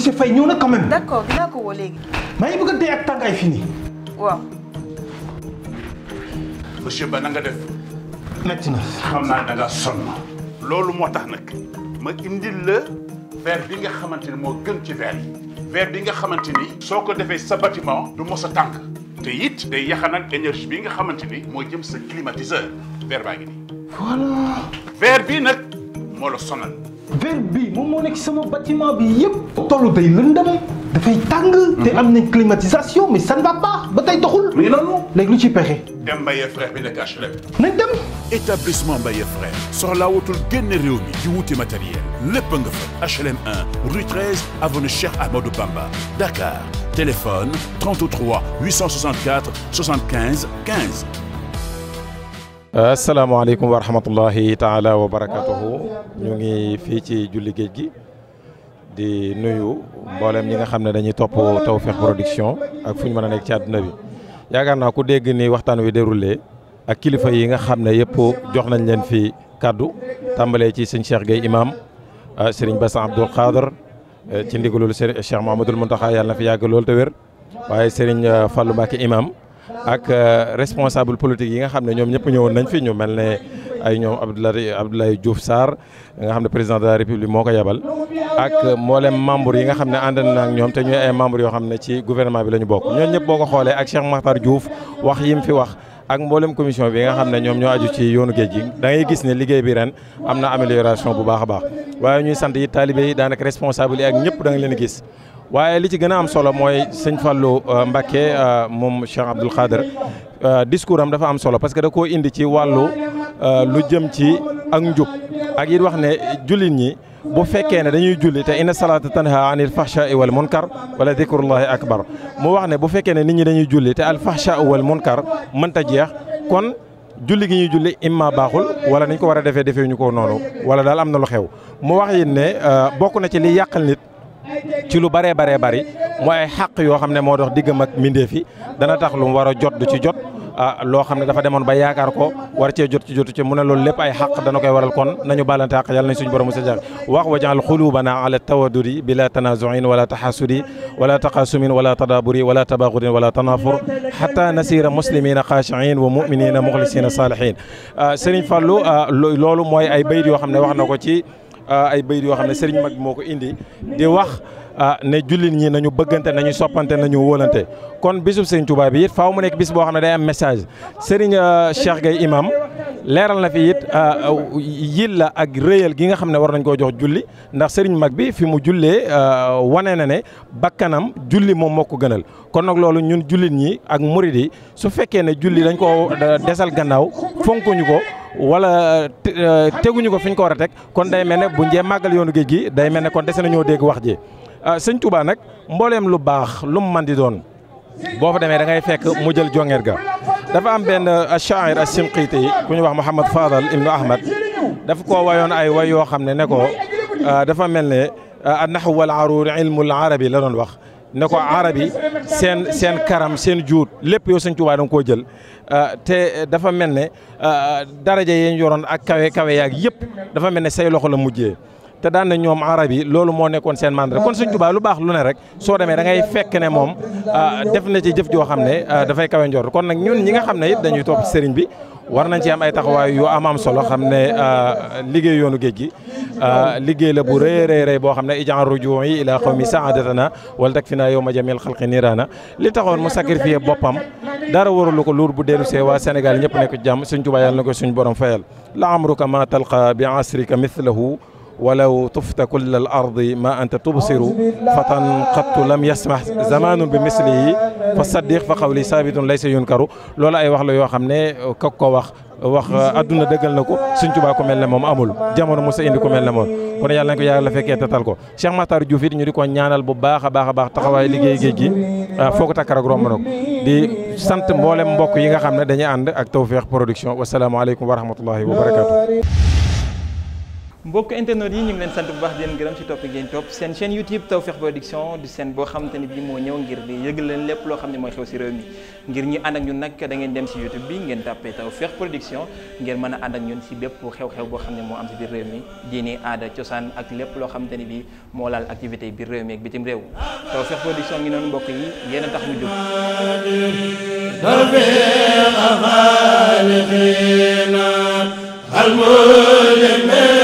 monsieur Faye ñëw na quand même. d'accord dinaa ko woo léegi. maa ngi bëgg a fii nii. waaw. Ba na nga def. metti na. xam naa da ngaa sonn. loolu moo tax nag ma indil la verre bi nga xamante ni moo gën ci verre yi. bi nga xamante ni. soo ko defee sa bâtiment. du mos a tànk. te it day yaxanal énergie bi nga xamante ni moo jëm sa climatiseur verre baa ngi nii. voilà. moo la sonal. verre bii moom moo nekk sama bâtiment bi yëpp. tollu day lëndëm dafay tàng. te mhm. am nañ climatisation mais ça ne va pas ba tey doxul. muy noonu léegi lu ci pexe. dem Mbaye frère bi nekk HLM. nañ dem. établissement Mbaye frère soxlaa wutul génn réew mi di wuti matériel lépp nga fa HLM 1 rue 13 avenue Cheikh Amadou Bamba Dakar téléphone 33 864 75 15. asalaamaaleykum wa rahmatullahi taala wa barakatuhu ñu ngi fii ci julli géej gi di nuyu mboolem ñi nga xam ne dañuy topp Tawfekh Production ak fu ñu mën nekk ci àdduna bi yaakaar naa ku dégg ni waxtaan wi déroulé ak kilifa yi nga xam ne yëpp jox nañ leen fi kàddu tàmbalee ci sëñ Cheikh Gueye imam ah, sëriñ Bassam Abdoul Khadr eh, ci ndigalul sëriñ Cheikh Mouhamadoul Mountakha yàlla na fi yàgg lool te wér waaye sëriñ eh, Fallou Mbacké imam ak euh, responsable politique yi nga xam ne ñoom ñëpp ñëwoon nañ fi ñu mel ne ay ñoom Abdoulaye Abdoulaye Diouf Sarr nga xam ne président de la république moo ko yabal ak mboolem membre yi nga xam ne ànd na ak ñoom te ñooy ay membre yoo xam ne ci gouvernement bi la ñu bokk ñooñu ñëpp boo ko xoolee ak Cheikh Makhtar Diouf wax yi fi wax ak mboolem commission bi nga xam ne ñoom ñoo aju ci yoonu géej gi da ngay gis ne liggéey bi ren am na amélioration bu baax a baax waaye ñuy sant yi taalibe yi daanaka responsable ak ñëpp da leen gis waaye li ci gën a am solo mooy sëñ Fallou euh, Mbacké euh, moom Cheikh Abdoul Khader euh, discours am dafa am solo parce que da ko indi ci wàllu lu jëm ci ak njub ak it wax ne jullit ñi bu fekkee ne dañuy julli te inna salaata tanha anil fahshaai wal munkar wala dikrullahi akbar mu wax ne bu fekkee ne nit ñi dañuy julli te al fahshaai wal munkar mënta jeex kon julli gi ñuy julli imma baaxul wala nañ ko war a defee defee ñu ko noonu wala daal am na lu xew mu wax yit ne bokk na ci li yàqal ci lu baree baree bari mooy ay xàq yoo xam ne moo dox diggam ak mbindeef yi dana tax lu mu a jot du ci jot ah, loo xam ne dafa demoon ba yaakaar ko war cee jot ci jotu ci mu ne loolu lépp ay xaq dana koy waral kon nañu baalante àq yàlla nañ suñu borom musa jax wax wa jaxal xulubana ala tawadudi bila tanazuin wala taxasudi wala taqasumin wala tadaburi wala tabaxudin wala tanafur xata nasira muslimina xaashiin wa muminina muxlisina saalihin ah, Serigne Fallou ah, loolu ay bayit yoo ne wax na ko Euh, ay bayit yoo xam ne sëriñ mag moo ko indi di wax euh, ne jullit ñi nañu bëggante nañu soppante nañu wóolante kon bisub sëriñ Touba bi it faaw mu nekk bis boo xam ne day am message sëriñ euh, Cheikh gay imam leeral na fi it yil ak réyal gi nga xam ne war nañ koo jox julli ndax sëriñ mag bi fi mu jullee wane na ne bakkanam julli moom moo ko gënal kon nag loolu ñun jullit ñi ak murid su fekkee ne julli dañ koo desal gannaaw fonkuñu ko wala euh, teguñu ko fi ñu ko war a teg kon day mel ne bu njee màggal yoonu géej gi day mel ne kon dese nañoo dégg wax ji euh, sëñ Touba nag mbooleem lu baax lu mu man di doon boo fa demee da ngay fekk mu jël jongeer ga dafa am benn euh, shaa'ir as-Sinqiiti yi ku wax wax Mouhamad Fadal ibnu Ahmad dafa ko wayoon ay way yoo xam ne ne ko dafa mel ne an-nahwu wal aruur ilmul arabi la doon wax ne ko arabi seen seen karam seen juut lépp yow sëñ Tuubaa da nga koo jël ah, te dafa mel ne ah, daraja yeen yoroon ak kawe kawe yaag yëpp dafa mel ne say loxo la mujjee te daan na ñoom arab loolu moo nekkoon seen mandre kon sëñ Tuubaa lu baax lu ne rek soo demee da ngay fekk ne moom ah, def na ci jëf joo xam ne dafay kawe njor kon nag ñun ñi nga xam ne it dañuy topp sëriñ bi war nañ ci am ay taxawaay yu amaam am solo xam ne liggéey yoonu géej gi Euh, liggéey la bu rëy rëy rëy boo xam ne ijan rujuun yi ilaa xaw mi saadatana wala tak fi naa yow ma jamil xalqi niiraana li taxoon mu sacrifié boppam dara waralu ko luur bu dellu see waa Sénégal ñëpp nekk jàmm suñ Tuubaa yàlla na ko suñ borom fayal la amruka ma talqa bi asrika mithlahu walaw tufta kulla al ardi ma anta tubsiru fatan xattu lam yasmah zamanun bi mislihi fa saddiq fa xawli saabitun laysa yunkaru loolu ay wax la yoo xam ne kak ko wax wax euh, adduna dëggal na ko Sëñ Tuubaa ko mel ne moom amul jamono mos a indi ko mel ne moom kon yàlla nañ ko yàlla fekkee tatal ko Cheikh Makhtar Diouf it ñu di ko ñaanal bu baax a baax a baax taxawaay liggéey géej gi ah, foo ko takk rek romb na ko di sant mboolem mbokk yi nga xam ne dañuy ànd ak Tawfekh Production wasalaamaaleykum wa rahmatullahi wa barakaatu. mbokk internet yi ñu ngi leen sant bu baax di leen gërëm ci topp ngeen topp seen chaîne YouTube Tawfekh Production du seen boo xamante ne bi moo ñëw ngir di leen lépp loo xam ne mooy xew ci réew mi ngir ñu ànd ak ñun nag da ngeen dem ci YouTube bi ngeen tàppee Tawfekh Production ngeen mën a ànd ak ñun ci bépp xew-xew boo xam ne moo am ci biir réew mi diini aada cosaan ak lépp loo xamante ne bii moo laal activité biir réew mi ak bitim réew Tawfekh Production ngi noonu mbokk yi yéen a tax